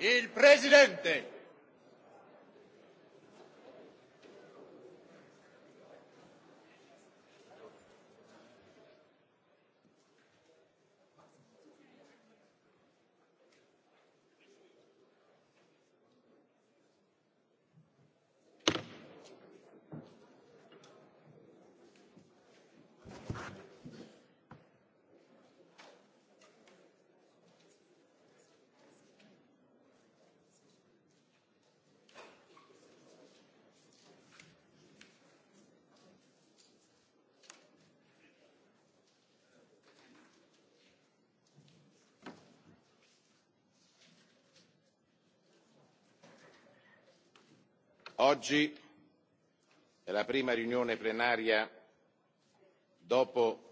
Il presidente oggi è la prima riunione plenaria dopo